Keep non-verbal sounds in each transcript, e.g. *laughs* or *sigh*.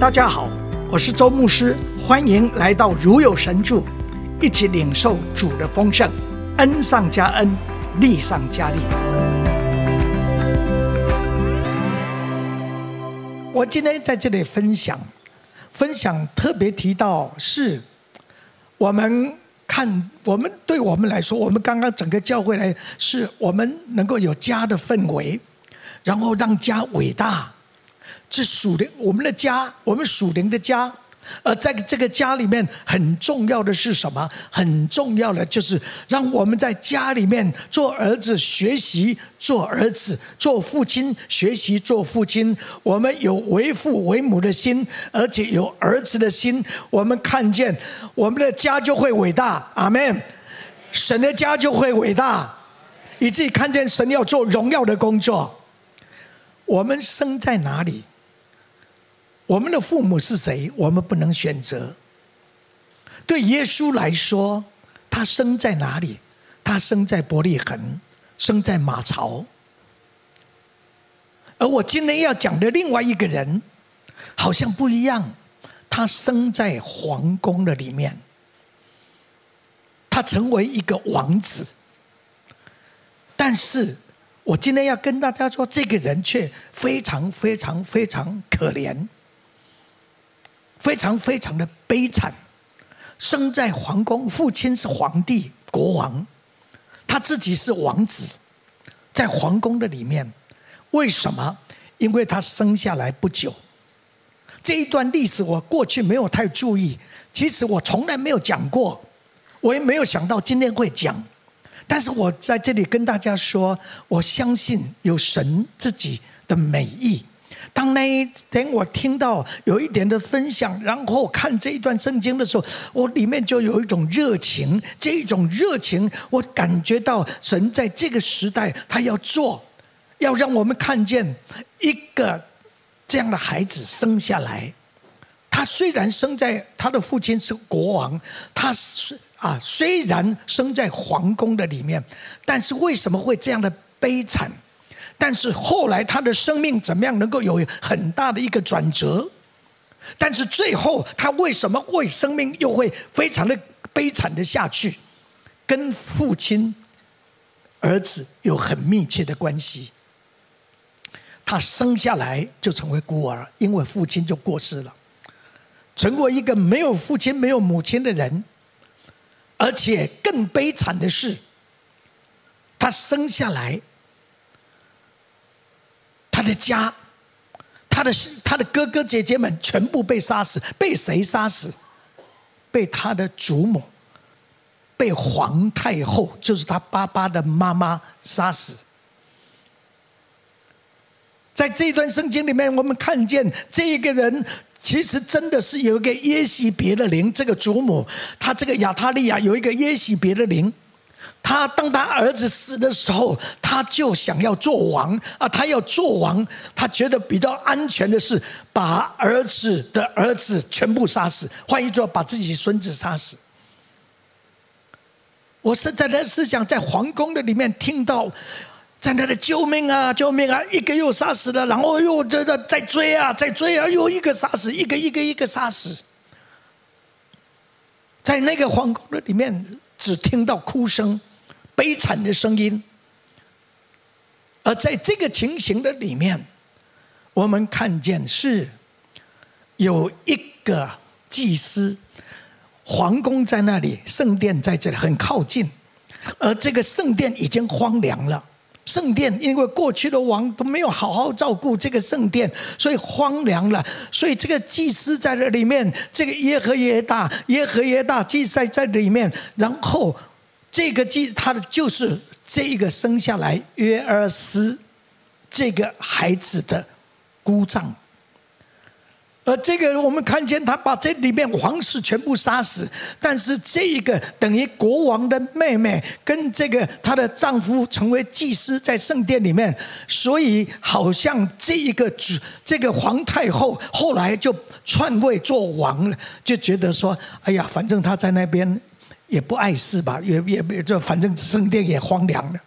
大家好，我是周牧師，歡迎來到如有神助，一起領受主的豐盛，恩上加恩，力上加力。我今天在這裡分享，分享特別提到是我們看，我們對我們來說，我們剛剛整個教會來，是我們能夠有家的氛圍，然後讓家偉大。這是屬靈，我們的家，我們屬靈的家，而在這個家裡面，很重要的是什麼？很重要的就是讓我們在家裡面做兒子學習做兒子，做父親學習做父親。我們有為父為母的心，而且有兒子的心。我們看見我們的家就會偉大，阿門。神的家就會偉大，以至於看見神要做榮耀的工作。我們生在哪裡？我們的父母是誰？我們不能選擇。對耶穌來說，他生在哪裡？他生在伯利恆，生在馬槽。而我今天要講的另外一個人，好像不一樣。他生在皇宮的裡面，他成為一個王子。但是我今天要跟大家說，這個人卻非常非常非常可憐。非常非常的悲慘，生在皇宮，父親是皇帝，國王，他自己是王子，在皇宮的裡面，為什麼？因為他生下來不久。這一段歷史我過去沒有太注意，其實我從來沒有講過，我也沒有想到今天會講，但是我在這裡跟大家說，我相信有神自己的美意。當那一天我聽到有一點的分享，然後看這一段聖經的時候，我裡面就有一種熱情。這一種熱情，我感覺到神在這個時代他要做，要讓我們看見一個這樣的孩子生下來。他雖然生在他的父親是國王，他啊雖然生在皇宮的裡面，但是為什麼會這樣的悲慘？但是後來，他的生命怎麼樣能夠有很大的一個轉折？但是最後，他為什麼為生命又會非常的悲慘的下去？跟父親、兒子有很密切的關係。他生下來就成為孤兒，因為父親就過世了，成為一個沒有父親、沒有母親的人。而且更悲慘的是，他生下來。他的家，他的他的哥哥姐姐們全部被殺死，被誰殺死？被他的祖母，被皇太後，就是他爸爸的媽媽殺死。在這一段聖經裡面，我們看見這一個人，其實真的是有一個耶洗別的靈。這個祖母，他這個亞她利雅有一個耶洗別的靈。他當他兒子死的時候，他就想要做王啊！他要做王，他覺得比較安全的是把兒子的兒子全部殺死，換一句話把自己孫子殺死。我是在那是想在皇宮的裡面聽到，在那裡救命啊！救命啊！一個又殺死了，然後又這個，再追啊，再追啊！又一個殺死，一個一個一個殺死，在那個皇宮的裡面。只聽到哭聲，悲慘的聲音。而在這個情形的裡面，我們看見是有一個祭司，皇宮在那裡，聖殿在這裡，很靠近，而這個聖殿已經荒涼了。聖殿，因為過去的王都沒有好好照顧這個聖殿，所以荒涼了。所以這個祭司在這裡面，這個耶和耶大、耶和耶大祭司在裡面。然後這個祭司他的就是這一個生下來約阿施這個孩子的姑丈。而這個我們看見他把這裡面皇室全部殺死，但是這一個等於國王的妹妹跟這個她的丈夫成為祭司在聖殿裡面，所以好像這一個這這個皇太后後來就篡位做王了，就覺得說，哎呀，反正她在那邊也不礙事吧，也也也就，反正聖殿也荒涼了。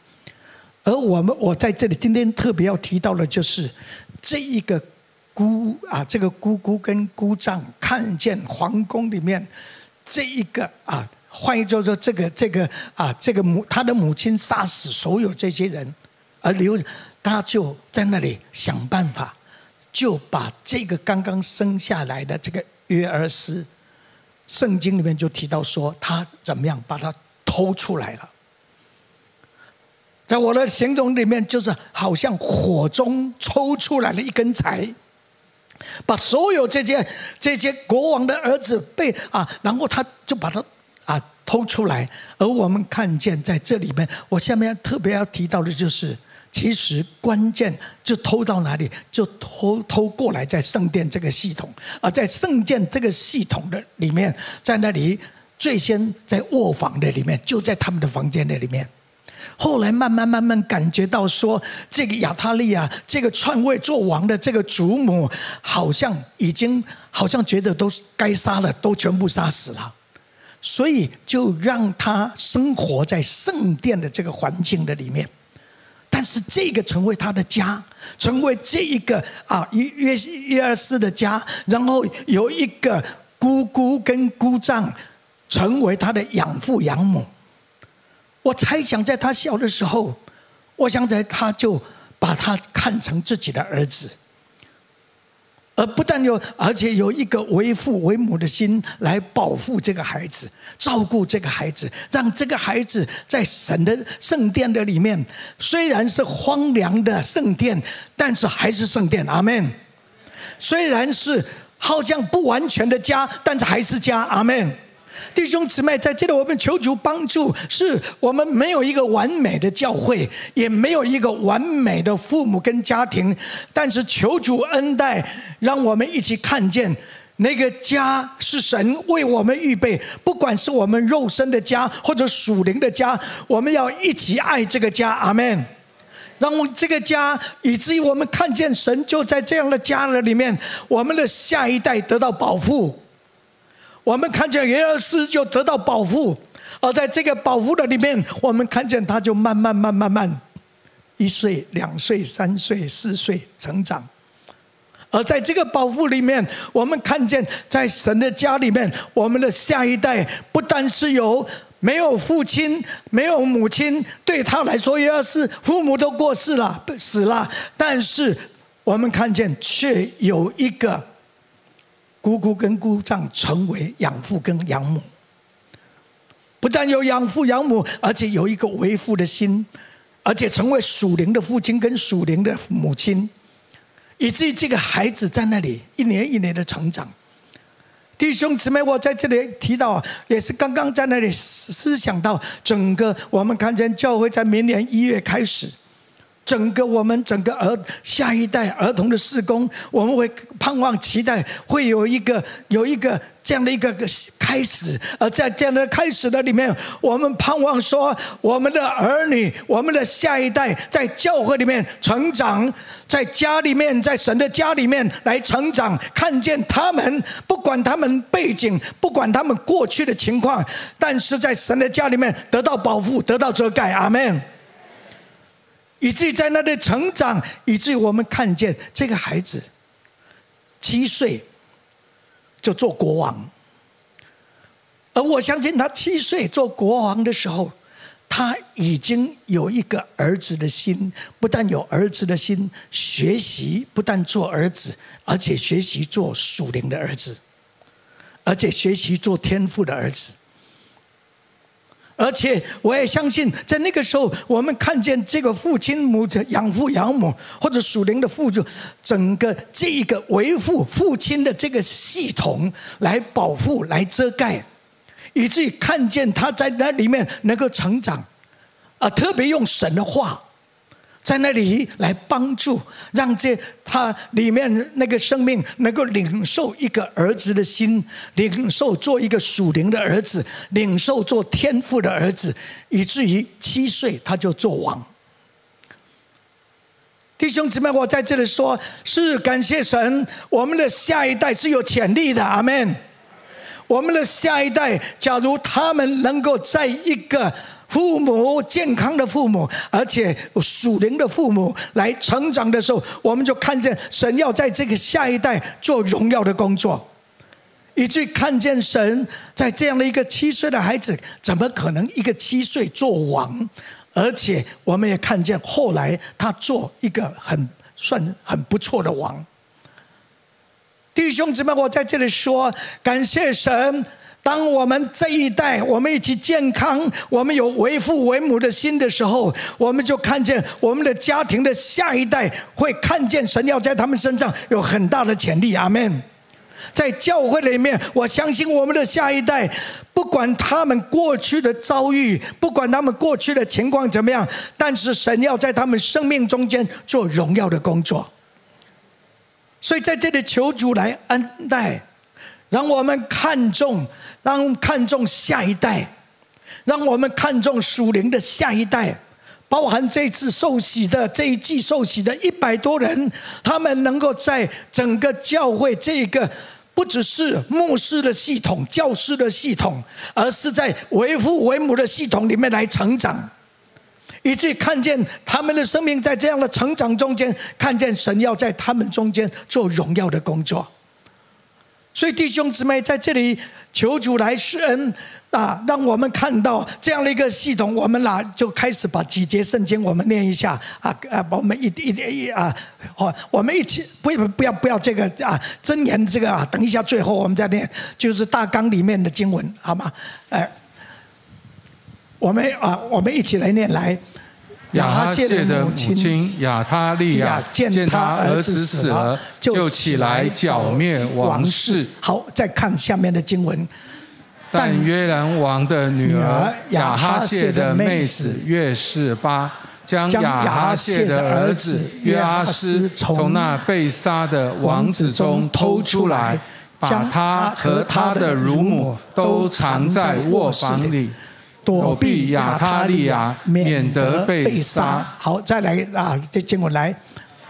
而我們我在這裡今天特別要提到的就是這一個。姑啊，這個姑姑跟姑丈看見皇宮裡面這一個啊，換句話說、這個，這個這個啊，這個母他的母親殺死所有這些人，而留他就在那裡想辦法，就把這個剛剛生下來的這個約兒斯，聖經裡面就提到說他怎麼樣把他偷出來了，在我的形容裡面，就是好像火中抽出來了一根柴。把所有這些這些國王的兒子被啊，然後他就把他啊偷出來，而我們看見在這裡面，我下面特別要提到的就是，其實關鍵就偷到哪裡，就偷偷過來在聖殿這個系統，啊，在聖殿這個系統的裡面，在那裡最先在臥房的裡面，就在他們的房間的裡面。後來慢慢慢慢感覺到說，這個亞他利雅，這個篡位做王的這個祖母，好像已經好像覺得都該殺了，都全部殺死了，所以就讓他生活在聖殿的這個環境的裡面。但是這個成為他的家，成為這個啊、一個啊一約一二四的家，然後有一個姑姑跟姑丈成為他的養父養母。我猜想，在他小的時候，我想在他就把他看成自己的兒子，而不但有，而且有一個為父為母的心來保護這個孩子，照顧這個孩子，讓這個孩子在神的聖殿的裡面，雖然是荒涼的聖殿，但是還是聖殿，阿門。雖然是好像不完全的家，但是還是家，阿門。弟兄姊妹，在這裡我們求主幫助，是我們沒有一個完美的教會，也沒有一個完美的父母跟家庭，但是求主恩待，讓我們一起看見那個家是神為我們預備，不管是我們肉身的家或者屬靈的家，我們要一起愛這個家，阿門。讓我們這個家，以至於我們看見神就在這樣的家裡面，我們的下一代得到保護。我們看見約瑟就得到保護，而在這個保護的裡面，我們看見他就慢慢、慢、慢慢、慢、慢一歲、兩歲、三歲、四歲成長。而在這個保護裡面，我們看見在神的家裡面，我們的下一代不單是有沒有父親、沒有母親，對他來說，約瑟父母都過世了，死了。但是我們看見，卻有一個。姑姑跟姑丈，成為養父跟養母，不但有養父養母，而且有一個為父的心，而且成為屬靈的父親跟屬靈的母親，以至於這個孩子在那裡一年一年的成長。弟兄姊妹，我在這裡提到，也是剛剛在那裡思想到，整個我們看見教會在明年一月開始。整個我們整個兒下一代兒童的侍工，我們會盼望期待會有一個有一個這樣的一個開始，而在這樣的開始的裡面，我們盼望說我們的兒女、我們的下一代在教會裡面成長，在家裡面在神的家裡面來成長，看見他們不管他們背景，不管他們過去的情況，但是在神的家裡面得到保護、得到遮蓋。阿門。以至於在那裡成長，以至於我們看見這個孩子七歲就做國王，而我相信他七歲做國王的時候，他已經有一個兒子的心，不但有兒子的心，學習不但做兒子，而且學習做屬靈的兒子，而且學習做天父的兒子。而且我也相信，在那個時候，我們看見這個父親、母親、養父、養母，或者屬靈的父，就整個這個維護父，父親的這個系統，來保護、來遮蓋，以至於看見他在那裡面能夠成長。啊，特別用神的話。在那裡來幫助，讓這他裡面那個生命能夠領受一個兒子的心，領受做一個屬靈的兒子，領受做天父的兒子，以至於七歲他就做王。弟兄姊妹，我在這裡說是感謝神，我們的下一代是有潛力的，阿門。我們的下一代，假如他們能夠在一個，父母，健康的父母，而且屬靈的父母來成長的時候，我們就看見神要在這個下一代做榮耀的工作。以至於看見神在這樣的一個七歲的孩子，怎麼可能一個七歲做王？而且我們也看見後來他做一個很算很不錯的王。弟兄姊妹，我在這裡說，感謝神。當我們這一代，我們一起健康，我們有為父為母的心的時候，我們就看見我們的家庭的下一代會看見神要在他們身上有很大的潛力。阿門。在教會裡面，我相信我們的下一代，不管他們過去的遭遇，不管他們過去的情況怎麼樣，但是神要在他們生命中間做榮耀的工作。所以在這裡求主來恩待，讓我們看重。讓我們看重下一代，讓我們看重屬靈的下一代，包含這一次受洗的這一季受洗的一百多人，他們能夠在整個教會這個不只是牧師的系統、教師的系統，而是在為父為母的系統裡面來成長，以至於看見他們的生命在這樣的成長中間，看見神要在他們中間做榮耀的工作。所以弟兄姊妹在這裡求主來施恩啊，讓我們看到這樣的一個系統。我們啦就開始把幾節聖經我們念一下啊，啊，啊、我們一一點一,一啊，好，我們一起不要不要不要這個啊，箴言這個啊，等一下最後我們再念，就是大綱裡面的經文好嗎？哎，我們啊，我們一起來念來。亞哈謝的母親亞他利雅見他兒子死了，就起來剿滅王室。好，再看下面的經文。但，但約蘭王的女兒亞哈謝的妹子約士巴，將亞哈謝的兒子約阿斯從那被殺的王子中偷出來，把他和他的乳母都藏在臥房裡。躲避亞他利亞，免得被殺。好，再來啊，再接我來。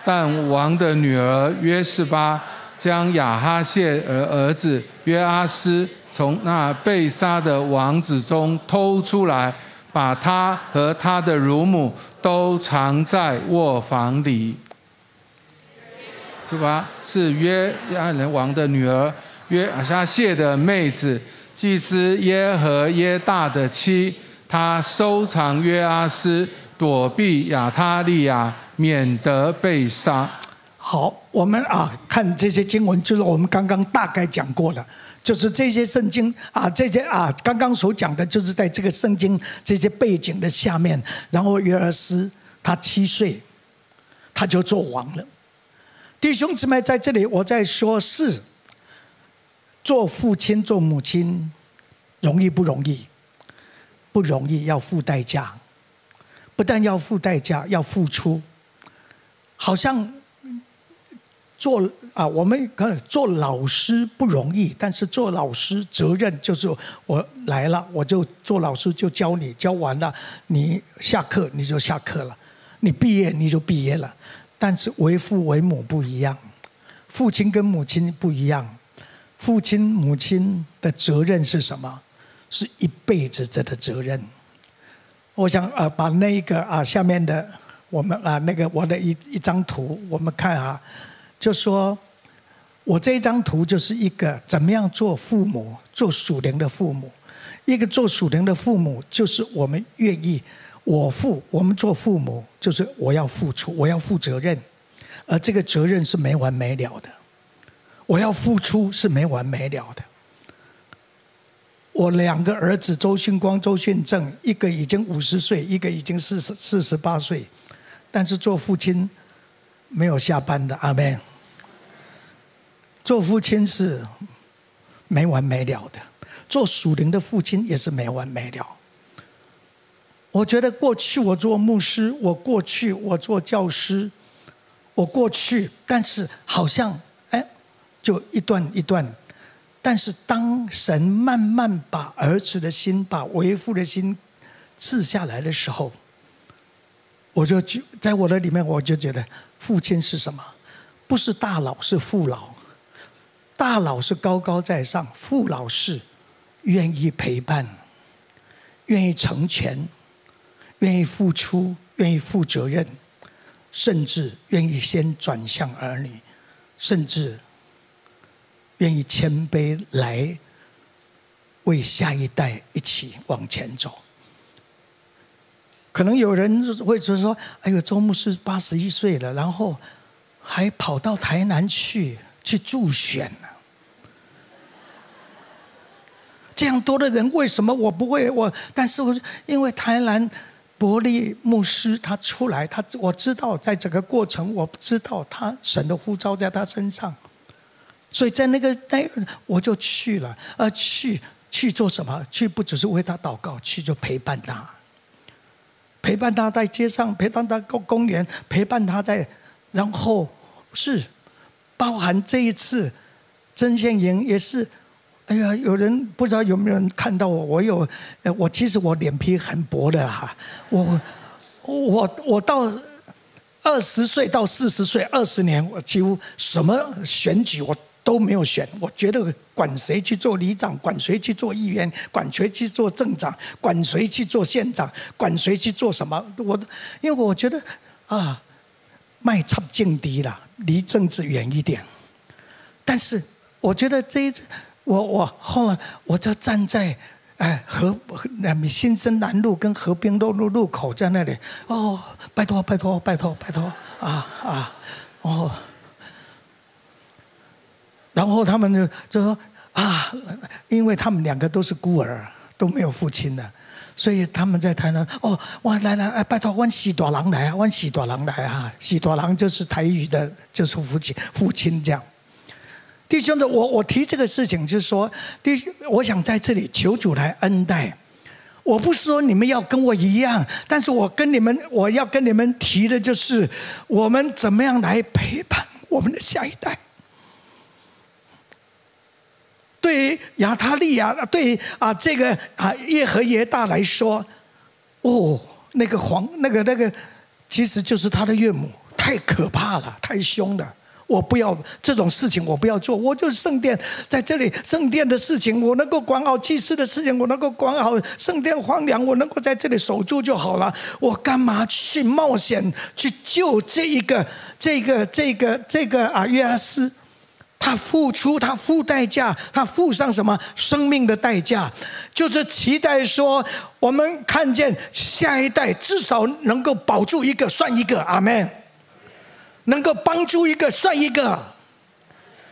但王的女兒約示巴將亞哈謝兒兒子約阿施從那被殺的王子中偷出來，把他和他的乳母都藏在臥房裡。是吧？是約亞人王的女兒約阿哈謝的妹子。祭司耶和耶大的妻，他收藏約阿斯，躲避亞他利亞，免得被殺。好，我們啊，看這些經文，就是我們剛剛大概講過了，就是這些聖經啊，這些啊，剛剛所講的，就是在這個聖經這些背景的下面，然後約阿斯他七歲，他就做王了。弟兄姊妹，在這裡我在說事。做父親、做母親，容易不容易？不容易，要付代價。不但要付代價，要付出。好像做啊，我們可以做老師不容易，但是做老師責任就是我來了，我就做老師就教你，教完了你下課你就下課了，你畢業你就畢業了。但是為父為母不一樣，父親跟母親不一樣。父親、母親的責任是什麼？是一輩子的的責任。我想啊，把那個啊下面的我們啊那個我的一一張圖，我們看啊，就說，我這一張圖就是一個怎麼樣做父母，做屬靈的父母。一個做屬靈的父母，就是我們願意，我付，我們做父母，就是我要付出，我要負責任，而這個責任是沒完沒了的。我要付出是沒完沒了的。我兩個兒子周訓光、周訓正，一個已經五十歲，一個已經四十四十八歲，但是做父親沒有下班的阿們。做父親是沒完沒了的，做屬靈的父親也是沒完沒了。我覺得過去我做牧師，我過去我做教師，我過去，過去但是好像。就一段一段，但是當神慢慢把兒子的心、把為父的心賜下來的時候，我就在我的裡面，我就覺得父親是什麼？不是大佬，是父老。大佬是高高在上，父老是願意陪伴，願意成全，願意付出，願意負責任，甚至願意先轉向兒女，甚至。願意謙卑來為下一代一起往前走。可能有人會就說：“哎呦，周牧師八十一歲了，然後還跑到台南去去助選呢。”這樣多的人，為什麼我不會我？但是我因為台南伯利牧師他出來，他我知道在整個過程，我知道他神的呼召在他身上。所以在那個那，我就去了，呃、啊，去去做什麼？去不只是為他禱告，去就陪伴他，陪伴他在街上，陪伴他公公園，陪伴他在。然後是包含這一次針線營也是，哎呀，有人不知道有沒有人看到我？我有，我其實我臉皮很薄的哈、啊，我我我到二十歲到四十歲二十年，我幾乎什麼選舉我。都沒有選，我覺得管誰去做里長，管誰去做議員，管誰去做鎮長，管誰去做縣長，管誰去做什麼？我，因為我覺得啊，邁出近低了，離政治遠一點。但是我覺得這一次，我我後來我就站在哎河南米新生南路跟和平路路路口在那裡哦，拜託拜託拜託拜託啊啊哦。然後他們就就說啊，因為他們兩個都是孤兒，都沒有父親的，所以他們在台南哦，哇，來來，拜托，問喜多郎來啊，問喜多郎來啊，喜多郎就是台語的，就是父親，父親這樣。弟兄們，我我提這個事情，就是說，弟，我想在這裡求主來恩待。我不是說你們要跟我一樣，但是我跟你們，我要跟你們提的就是，我們怎麼樣來陪伴我們的下一代。對於亞他利雅對啊，這個啊，耶何耶大來說，哦，那個皇，那個、那個、那個，其實就是他的岳母，太可怕了，太凶了。我不要這種事情，我不要做。我就是聖殿在這裡，聖殿的事情我能夠管好，祭司的事情我能夠管好，聖殿荒涼我能夠在這裡守住就好了。我幹嘛去冒險去救這一個，這個這個這個啊，約阿斯？他付出，他付代價，他付上什麼生命的代價？就是期待說，我們看見下一代至少能夠保住一個算一個，阿門。能夠幫助一個算一個。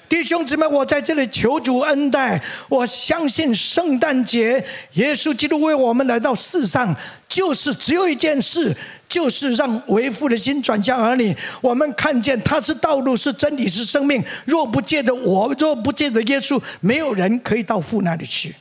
弟兄姊妹，我在這裡求主恩待。我相信聖誕節，耶穌基督為我們來到世上，就是只有一件事。就是讓為父的心轉向兒女。我們看見他是道路，是真理，是生命。若不藉著我，若不藉著耶穌，沒有人可以到父那裡去。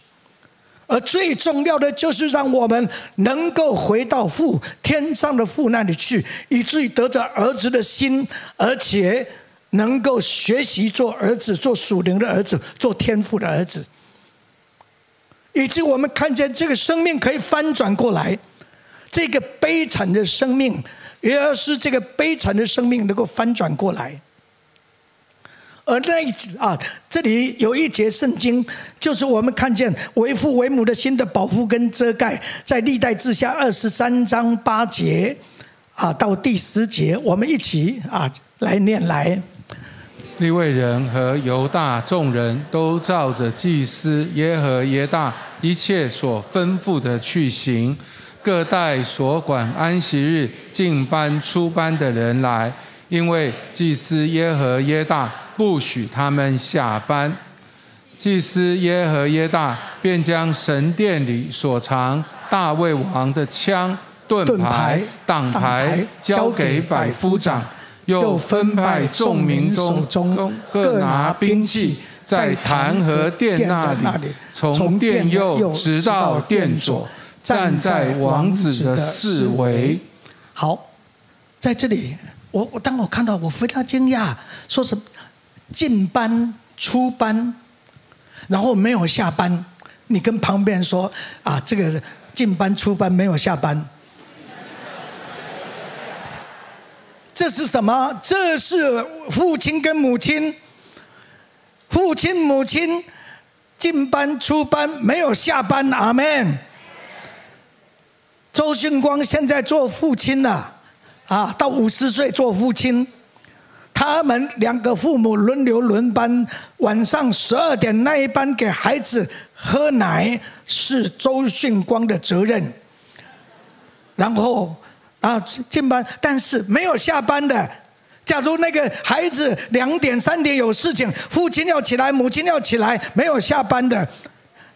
而最重要的，就是讓我們能夠回到父，天上的父那裡去，以至於得着兒子的心，而且能夠學習做兒子，做屬靈的兒子，做天父的兒子，以至於我們看見這個生命可以翻轉過來。這個悲慘的生命，也要是這個悲慘的生命能夠翻轉過來。而那一次啊，這裡有一節聖經，就是我們看見為父為母的心的保護跟遮蓋，在歷代志下二十三章八節，啊，到第十節，我們一起啊來念來。利未人和猶大眾人都照着祭司耶和耶大一切所吩咐的去行，各帶所管安息日進班出班的人來，因為祭司耶何耶大不許他們下班。祭司耶何耶大便將神殿裡所藏大衛王的槍、盾牌、擋牌交給百夫長，又分派眾民中各拿兵器，在壇和殿那裡，從殿右直到殿左。站在王子的四圍。好，在這裡，我我當我看到，我非常驚訝，說是進班出班，然後沒有下班。你跟旁邊說啊，這個進班出班沒有下班。 *laughs* 這是什麼？這是父親跟母親，父親母親進班出班沒有下班。阿門。周迅光現在做父親了，啊，啊，到五十歲做父親，他們兩個父母輪流輪班，晚上十二點那一班給孩子喝奶是周迅光的責任。然後啊，進班但是沒有下班的。假如那個孩子兩點三點有事情，父親要起來，母親要起來，沒有下班的。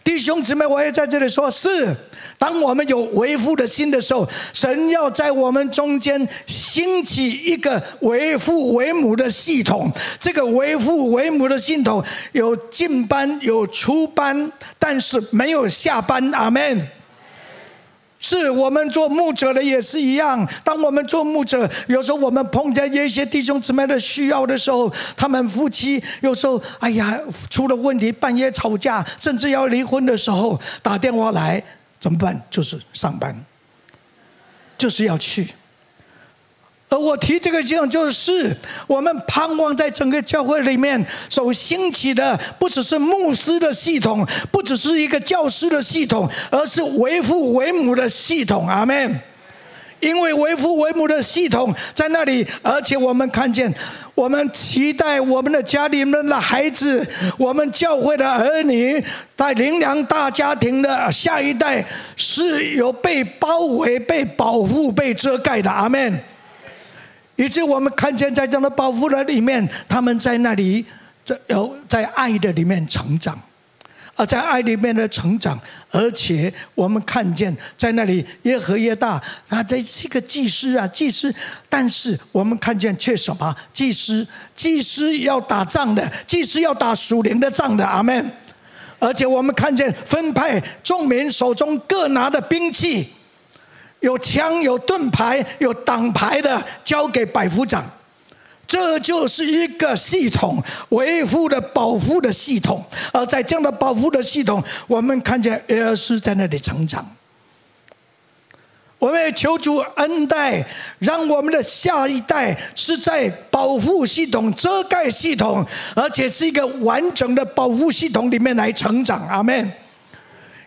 弟兄姊妹，我也在這裡說：是，當我們有為父的心的時候，神要在我們中間興起一個為父為母的系統。這個為父為母的系統有進班、有出班，但是沒有下班。阿門。是我們做牧者的也是一樣。當我們做牧者，有時候我們碰見一些弟兄姊妹的需要的時候，他們夫妻有時候哎呀出了問題，半夜吵架，甚至要離婚的時候，打電話來怎麼辦？就是上班，就是要去。而我提這個系統，就是我們盼望在整個教會裡面所興起的，不只是牧師的系統，不只是一個教師的系統，而是為父為母的系統。阿門。因為為父為母的系統在那裡，而且我們看見，我們期待我們的家裡面的孩子，我們教會的兒女，在靈糧大家庭的下一代，是有被包圍、被保護、被遮蓋的。阿門。以及我們看見在這樣的保護的裡面，他們在那裡在有在愛的裡面成長，而在愛裡面的成長，而且我們看見在那裡越合越大。他這是個祭司啊，祭司，但是我們看見卻什麼？祭司，祭司要打仗的，祭司要打屬靈的仗的。阿門。而且我們看見，分派眾民手中各拿的兵器。有槍、有盾牌、有擋牌的，交給百夫長。這就是一個系統維護的保護的系統。而在這樣的保護的系統，我們看見約瑟斯在那裡成長。我們也求主恩待，讓我們的下一代是在保護系統、遮蓋系統，而且是一個完整的保護系統裡面來成長。阿門。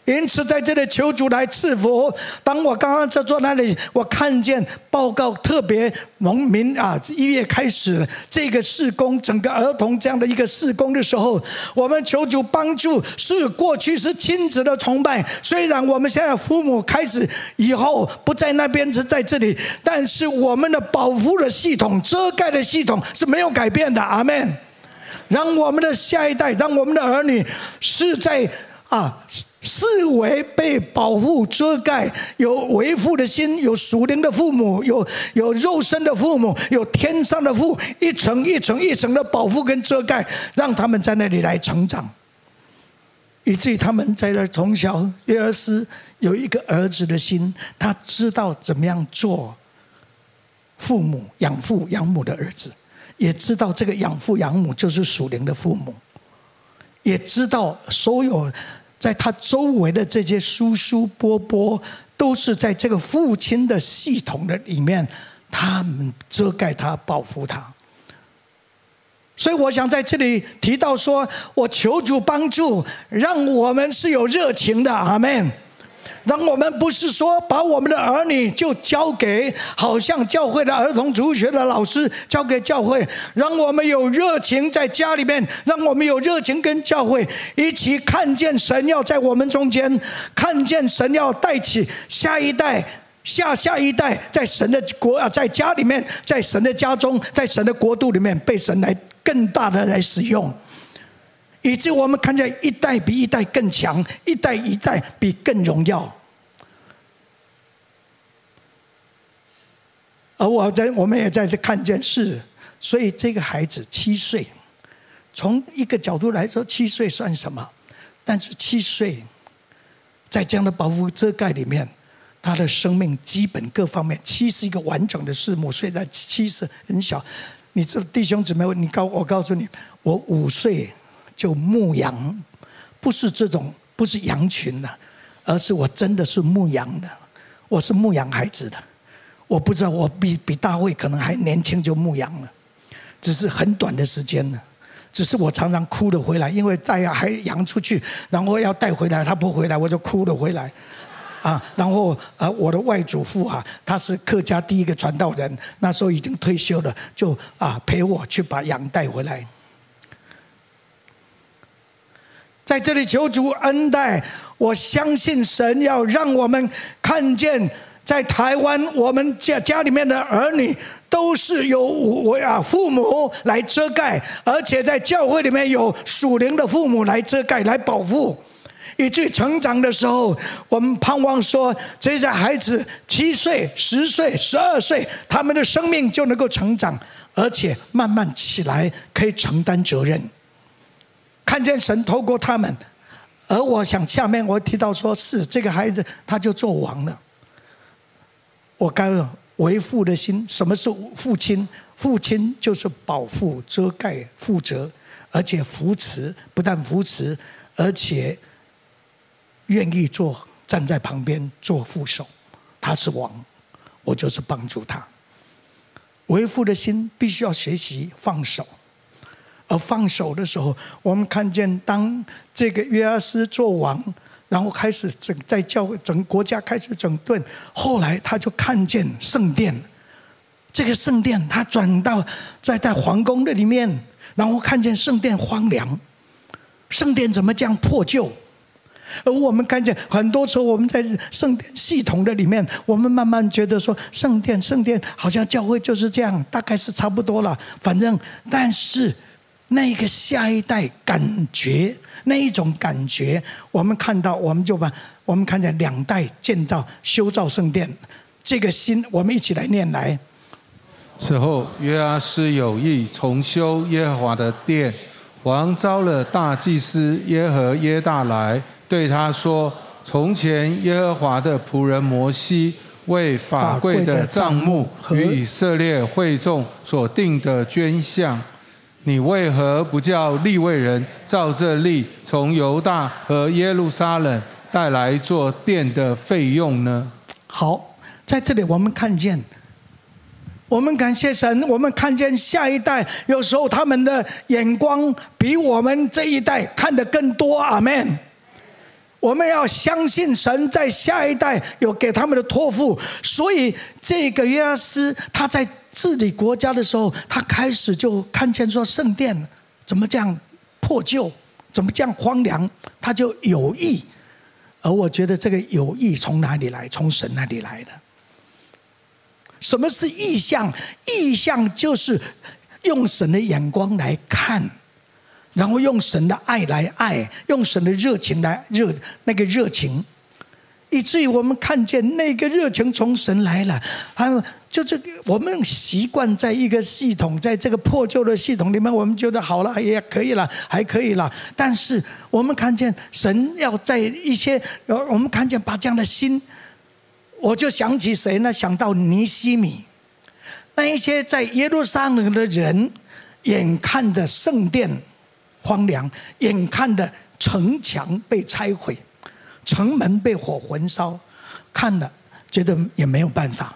因此，在這裡求主來賜福。當我剛剛在坐那裡，我看見報告特別農民啊，一月開始這個事工，整個兒童這樣的一個事工的時候，我們求主幫助。是過去是親子的崇拜，雖然我們現在父母開始以後不在那邊，是在這裡，但是我們的保護的系統、遮蓋的系統是沒有改變的。阿門。讓我們的下一代，讓我們的兒女是在啊。視為被保護、遮蓋，有為父的心，有屬靈的父母，有有肉身的父母，有天上的父，一層一層一層的保護跟遮蓋，讓他們在那裡來成長。以至於他們在那。從小，幼兒時有一個兒子的心，他知道怎麼樣做父母、養父、養母的兒子，也知道這個養父、養母就是屬靈的父母，也知道所有。在他周圍的這些叔叔伯伯，都是在這個父親的系統的裡面，他們遮蓋他、保護他。所以我想在這裡提到，說我求主幫助，讓我們是有熱情的。阿門。讓我們不是說把我們的兒女就交給好像教會的兒童主日學的老師，交給教會，讓我們有熱情在家裡面，讓我們有熱情跟教會一起看見神要在我們中間，看見神要帶起下一代、下下一代在神的國啊，在家裡面，在神的家中，在神的國度裡面被神來更大的來使用，以致我們看見一代比一代更強，一代一代比更榮耀。而我在，我們也在這看見是，所以這個孩子七歲，從一個角度來說，七歲算什麼？但是七歲，在這樣的保護遮蓋裡面，他的生命基本各方面，七是一個完整的數目。所以，在七是很小，你這弟兄姊妹，你告我告訴你，我五歲就牧羊，不是這種，不是羊群的、啊，而是我真的是牧羊的，我是牧羊孩子的。我不知道，我比比大衛可能還年輕就牧羊了，只是很短的時間呢。只是我常常哭著回來，因為大家還羊出去，然後要帶回來，他不回來，我就哭著回來。啊，然後啊，我的外祖父啊，他是客家第一個傳道人，那時候已經退休了，就啊陪我去把羊帶回來。在這裡求主恩待，我相信神要讓我們看見。在台灣，我們家家裡面的兒女都是由我啊父母來遮蓋，而且在教會裡面有屬靈的父母來遮蓋、來保護。以至於成長的時候，我們盼望說這些孩子七歲、十歲、十二歲，他們的生命就能夠成長，而且慢慢起來可以承擔責任，看見神透過他們。而我想下面我提到說是這個孩子，他就做王了。我該有為父的心，什麼是父親？父親就是保護、遮蓋、負責，而且扶持，不但扶持，而且願意做，站在旁邊做副手。他是王，我就是幫助他。為父的心必須要學習放手，而放手的時候，我們看見，當這個約阿斯做王。然後開始整在教會、整國家開始整頓。後來他就看見聖殿，這個聖殿他轉到在在皇宮那裡面，然後看見聖殿荒涼，聖殿怎麼這樣破舊？而我們看見很多時候我們在聖殿系統的裡面，我們慢慢覺得說聖殿、聖殿好像教會就是這樣，大概是差不多了，反正但是。那一個下一代感覺，那一種感覺，我們看到，我們就把我們看見兩代建造修造聖殿，這個心，我們一起來念來。此後，約阿施有意重修耶和華的殿，王召了大祭司耶和耶大來，對他說：“從前耶和華的僕人摩西為法櫃的帳幕與以色列會眾所定的捐項。”你為何不叫利未人照這例，從猶大和耶路撒冷帶來做殿的費用呢？好，在這裡我們看見，我們感謝神，我們看見下一代有時候他們的眼光比我們這一代看得更多。阿門。我們要相信神在下一代有給他們的托付，所以這個約阿斯他在。治理國家的時候，他開始就看見，說聖殿怎麼這樣破舊，怎麼這樣荒涼，他就有意。而我覺得這個有意從哪裡來？從神那裡來的。什麼是異象？異象就是用神的眼光來看，然後用神的愛來愛，用神的熱情來熱那個熱情，以至於我們看見那個熱情從神來了，還有。就這個、是，我們習慣在一個系統，在這個破舊的系統裡面，我們覺得好了，也可以了，還可以了。但是我們看見神要在一些，我們看見拔將的心，我就想起誰呢？想到尼希米，那一些在耶路撒冷的人，眼看着聖殿荒涼，眼看着城牆被拆毀，城門被火焚燒，看了覺得也沒有辦法。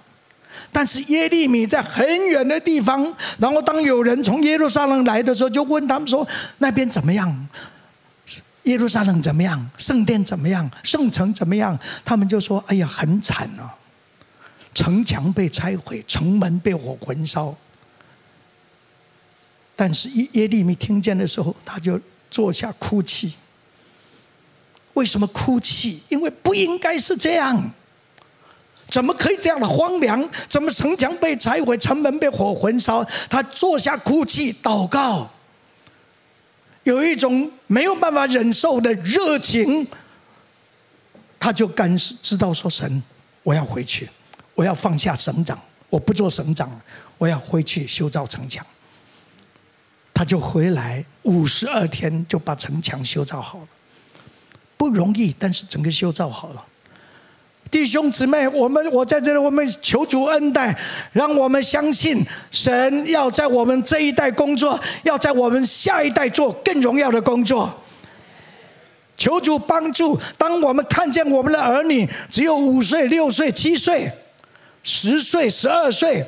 但是耶利米在很遠的地方，然後當有人從耶路撒冷來的時候，就問他們說：“那邊怎麼樣？耶路撒冷怎麼樣？聖殿怎麼樣？聖城怎麼樣？”他們就說：“哎呀，很慘啊！城牆被拆毀，城門被火焚燒。”但是耶利米聽見的時候，他就坐下哭泣。為什麼哭泣？因為不應該是這樣。怎麼可以這樣的荒涼？怎麼城牆被拆毀，城門被火焚燒？他坐下哭泣，禱告，有一種沒有辦法忍受的熱情，他就感知道說：“神，我要回去，我要放下省長，我不做省長，我要回去修造城牆。”他就回來五十二天，就把城牆修造好了，不容易，但是整個修造好了。弟兄姊妹，我們我在這裡，我們求主恩待，讓我們相信神要在我們這一代工作，要在我們下一代做更榮耀的工作。求主幫助，當我們看見我們的兒女只有五歲、六歲、七歲、十歲、十二歲，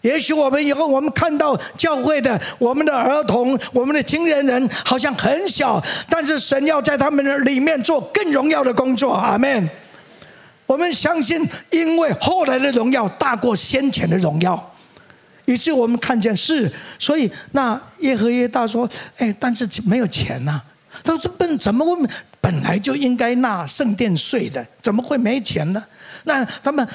也許我們以後我們看到教會的我們的兒童、我們的青年人，人好像很小，但是神要在他們的裡面做更榮耀的工作。阿門。我們相信，因為後來的榮耀大過先前的榮耀，以致我們看見是。所以那耶何耶大說：“哎，但是沒有錢吶、啊。”他說：“本怎麼會本來就應該納聖殿稅的，怎麼會沒錢呢？那他們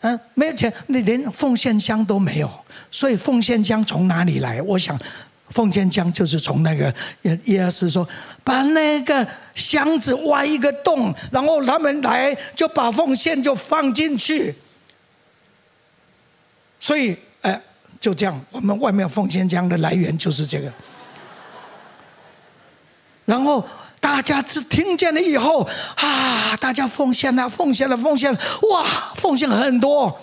嗯、啊，沒有錢，你連奉獻箱都沒有。所以奉獻箱從哪裡來？我想。”奉獻箱就是從那個耶耶穌說，把那個箱子挖一個洞，然後他們來就把奉獻就放進去。所以，哎、呃，就這樣，我們外面奉獻箱的來源就是這個。然後大家只聽見了以後，啊，大家奉獻了，奉獻了，奉獻了，哇，奉獻了很多。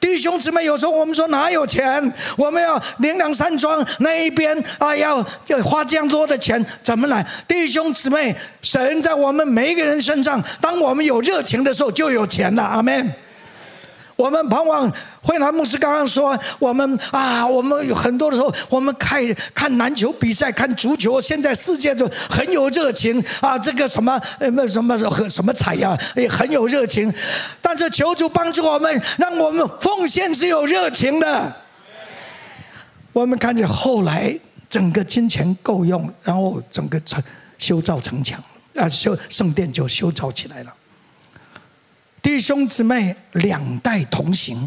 弟兄姊妹，有時候我們說，哪有錢？我們要靈糧山莊那一邊啊，要要花這樣多的錢，怎麼來？弟兄姊妹，神在我們每一個人身上，當我們有熱情的時候，就有錢了。阿門。我們盼望惠南牧師剛剛說，我們啊，我們有很多的時候，我們看看籃球比賽，看足球，現在世界就很有熱情啊，這個什麼什麼什麼很什麼彩呀，啊，也很有熱情。但是求主幫助我們，讓我們奉獻是有熱情的。我們看見後來整個金錢夠用，然後整個城修造城牆，啊，修聖殿就修造起來了。弟兄姊妹，兩代同行。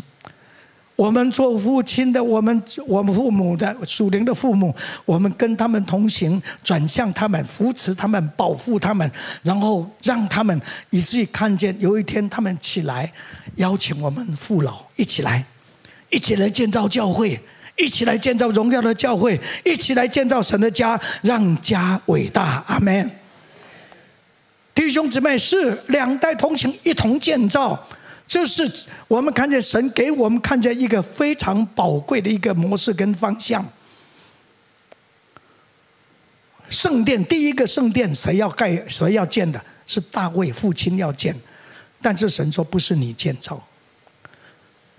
我們做父親的，我們我們父母的屬靈的父母，我們跟他們同行，轉向他們，扶持他們，保護他們，然後讓他們以至於看見有一天他們起來，邀請我們父老一起來，一起來建造教會，一起來建造榮耀的教會，一起來建造神的家，讓家偉大。阿門。兄姊妹是兩代同行，一同建造，這、就是我們看見神給我們看見一個非常寶貴的一個模式跟方向。聖殿第一個聖殿，誰要蓋、誰要建的，是大衛父親要建，但是神說不是你建造。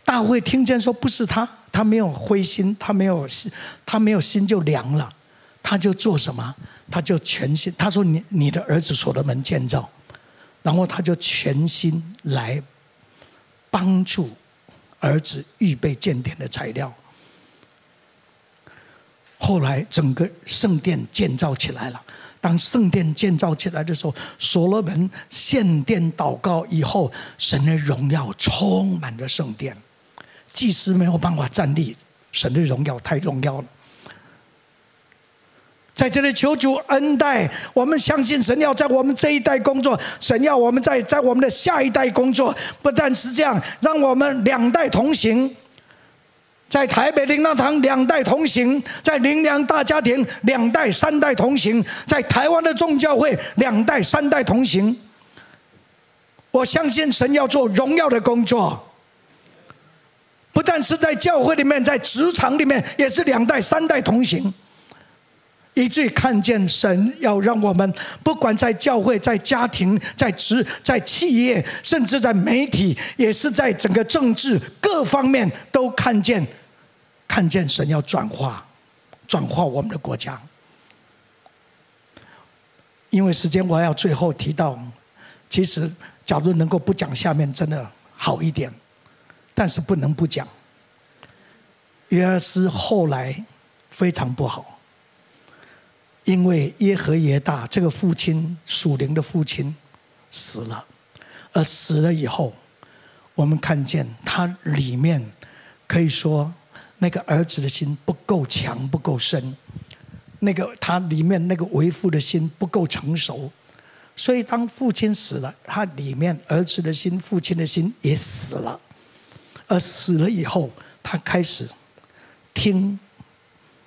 大衛聽見說不是他，他沒有灰心，他沒有他沒有心就涼了，他就做什麼？他就全心，他說：“你你的兒子所羅門建造，然後他就全心來幫助兒子預備建殿的材料。後來整個聖殿建造起來了。當聖殿建造起來的時候，所羅門獻殿禱告以後，神的榮耀充滿了聖殿，祭司沒有辦法站立，神的榮耀太榮耀了。”在這裡求主恩待，我們相信神要在我們這一代工作，神要我們在在我們的下一代工作，不但是這樣，讓我們兩代同行，在台北靈糧堂兩代同行，在靈糧大家庭兩代三代同行，在台灣的眾教會兩代三代同行。我相信神要做榮耀的工作，不但是在教會裡面，在職場裡面，也是兩代三代同行。一句看見神要讓我們，不管在教會、在家庭、在職、在企業，甚至在媒體，也是在整個政治各方面都看見，看見神要轉化，轉化我們的國家。因為時間，我要最後提到，其實假如能夠不講下面，真的好一點，但是不能不講。約阿施後來非常不好。因為耶何耶大，這個父親、屬靈的父親死了，而死了以後，我們看見他裡面可以說那個兒子的心不夠強、不夠深，那個他裡面那個為父的心不夠成熟，所以當父親死了，他裡面兒子的心、父親的心也死了，而死了以後，他開始聽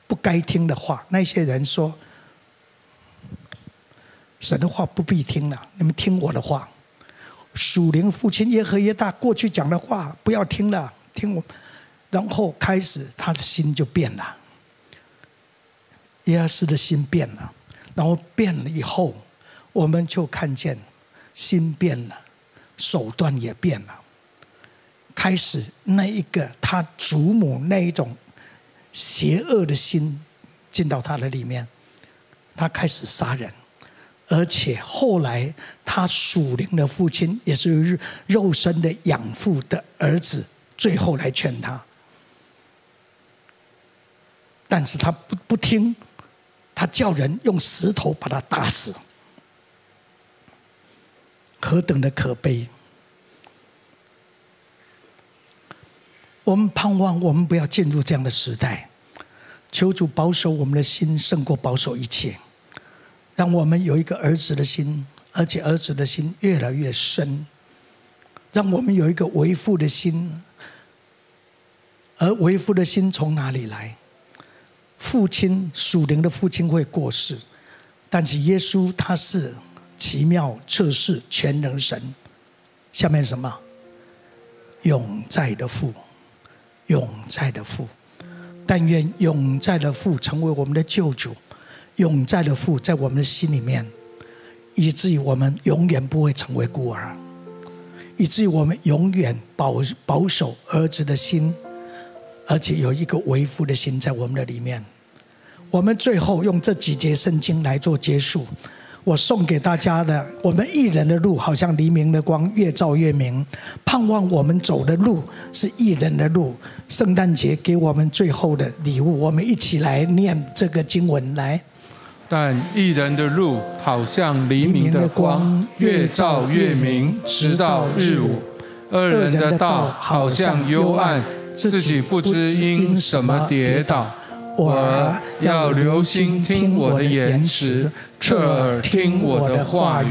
不該聽的話，那些人說。神的話不必聽了，你們聽我的話。屬靈父親耶何耶大過去講的話不要聽了，聽我。然後開始他的心就變了，約阿施的心變了。然後變了以後，我們就看見心變了，手段也變了。開始那一個他祖母那一種邪惡的心進到他的裡面，他開始殺人。而且後來，他屬靈的父親也是肉身的養父的兒子，最後來勸他，但是他不不聽，他叫人用石頭把他打死，何等的可悲！我們盼望我們不要進入這樣的時代，求主保守我們的心，勝過保守一切。讓我們有一個兒子的心，而且兒子的心越來越深。讓我們有一個為父的心，而為父的心從哪裡來？父親屬靈的父親會過世，但是耶穌他是奇妙、策士、全能神。下面什麼？永在的父，永在的父。但願永在的父成為我們的救主。永在的父在我們的心裡面，以至於我們永遠不會成為孤兒，以至於我們永遠保保守兒子的心，而且有一個為父的心在我們的裡面。我們最後用這幾節聖經來做結束。我送給大家的，我們義人的路好像黎明的光，越照越明。盼望我們走的路是義人的路。聖誕節給我們最後的禮物，我們一起來念這個經文來。但一人的路好像黎明的光，越照越明，直到日午。二人的道好像幽暗，自己不知因什麼跌倒。我兒、啊、要留心聽我的言詞，側耳聽我的話語，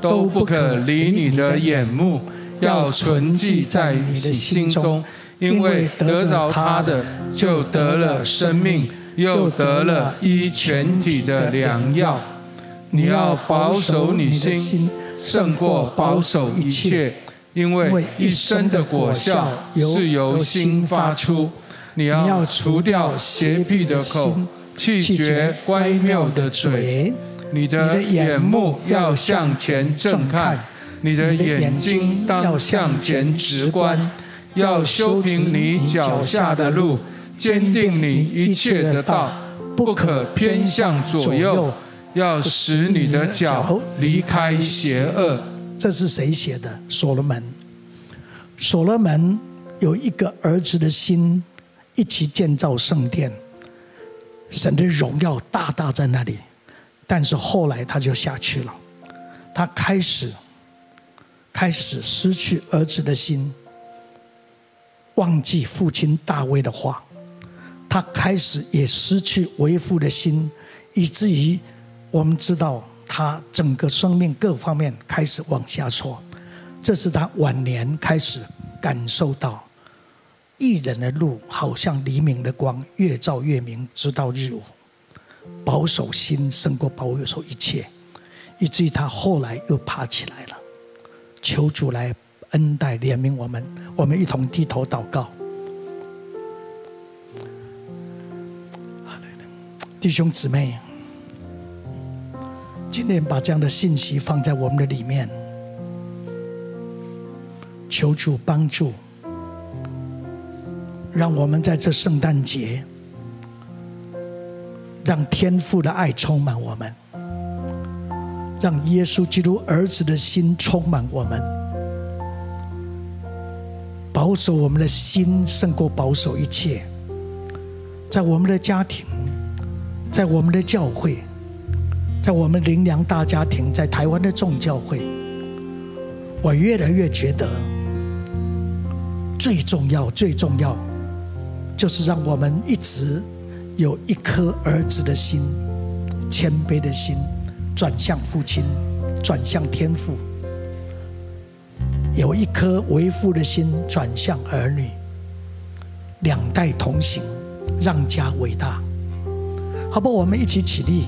都不可離你的眼目，要存記在你的心中，因為得着他的就得了生命。又得了一全體的良藥。你要保守你心，勝過保守一切，因為一生的果效是由心發出。你要除掉邪僻的口，棄絕乖謬的嘴。你的眼目要向前正看，你的眼睛當向前直觀，要修平你，你腳下的路，堅定你一切的道，不可偏向左右，要使你的腳離開邪惡。這是誰寫的？所羅門。所羅門有一個兒子的心，一起建造聖殿，神的榮耀大大在那裡。但是後來他就下去了，他開始開始失去兒子的心，忘記父親大衛的話。他開始也失去為父的心，以至於我們知道他整個生命各方面開始往下挫。這是他晚年開始感受到義人的路，好像黎明的光，越照越明，直到日午。保守心勝過保守一切，以至於他後來又爬起來了，求主來恩待憐憫我們，我們一同低頭禱告。弟兄姊妹，今天把這樣的信息放在我們的裡面，求主幫助，讓我們在這聖誕節，讓天父的愛充滿我們，讓耶穌基督兒子的心充滿我們，保守我們的心勝過保守一切，在我們的家庭，在我們的教會，在我們靈糧大家庭，在台灣的眾教會，我越來越覺得，最重要、最重要，就是讓我們一直有一顆兒子的心、謙卑的心，轉向父親，轉向天父；有一顆為父的心，轉向兒女，兩代同行，讓家偉大。好不好，我們一起起立，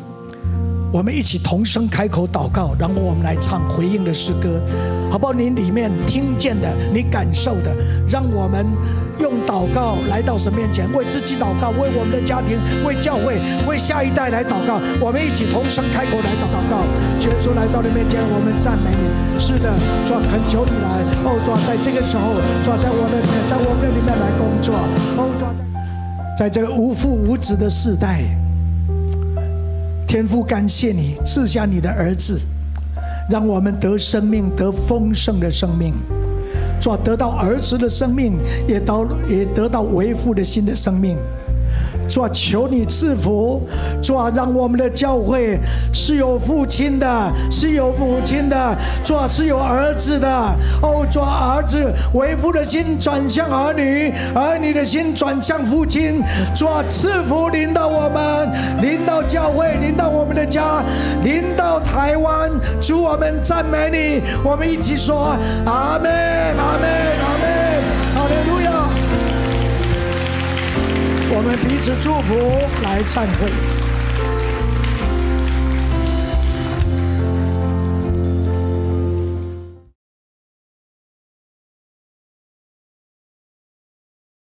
我們一起同聲開口禱告，然後我們來唱回應的詩歌。好不好，你裡面聽見的，你感受的，讓我們用禱告來到神面前，為自己禱告，為我們的家庭，為教會，為下一代來禱告。我們一起同聲開口來禱告。主耶穌來到你面前，我們讚美你。是的，主，懇求你來。哦，主，在這個時候，主在我的在我們裡面來工作。哦，主，在在這個無父無子的時代。天父，感謝你賜下你的兒子，讓我們得生命，得豐盛的生命。做得到兒子的生命，也到也得到為父的新的生命。主，求你賜福，主讓我們的教會是有父親的，是有母親的，主是有兒子的。哦，主兒子為父的心轉向兒女，兒女的心轉向父親。主賜福臨到我們，臨到教會，臨到我們的家，臨到台灣。主，我們讚美你，我們一起說阿門，阿門，阿門。我們彼此祝福，來懺悔。